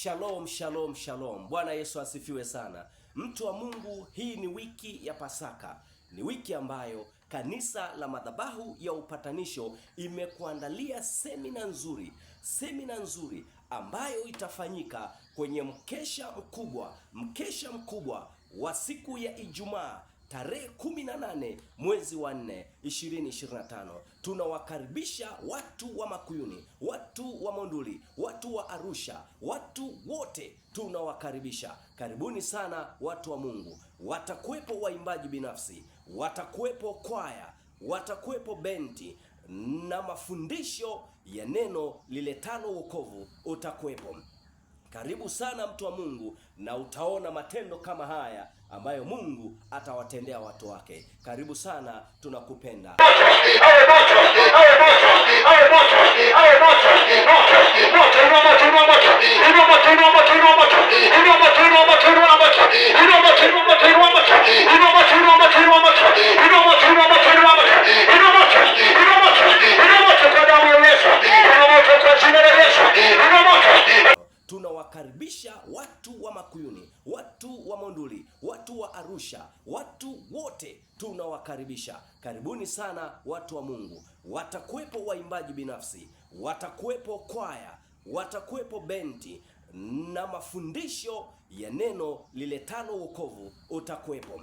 Shalom, shalom, shalom. Bwana Yesu asifiwe sana. Mtu wa Mungu, hii ni wiki ya Pasaka. Ni wiki ambayo kanisa la madhabahu ya upatanisho imekuandalia semina nzuri, semina nzuri ambayo itafanyika kwenye mkesha mkubwa, mkesha mkubwa wa siku ya Ijumaa tarehe 18 mwezi wa 4 2025, tunawakaribisha watu wa Makuyuni, watu wa Monduli, watu wa Arusha, watu wote tunawakaribisha. Karibuni sana watu wa Mungu. Watakuwepo waimbaji binafsi, watakuwepo kwaya, watakuwepo bendi na mafundisho ya neno liletalo wokovu utakuwepo. Karibu sana mtu wa Mungu na utaona matendo kama haya ambayo Mungu atawatendea watu wake. Karibu sana, tunakupenda. tunawakaribisha watu wa Makuyuni, watu wa Monduli, watu wa Arusha, watu wote tunawakaribisha. Karibuni sana watu wa Mungu. Watakuwepo waimbaji binafsi, watakuwepo kwaya, watakuwepo benti na mafundisho ya neno liletalo wokovu utakuwepo.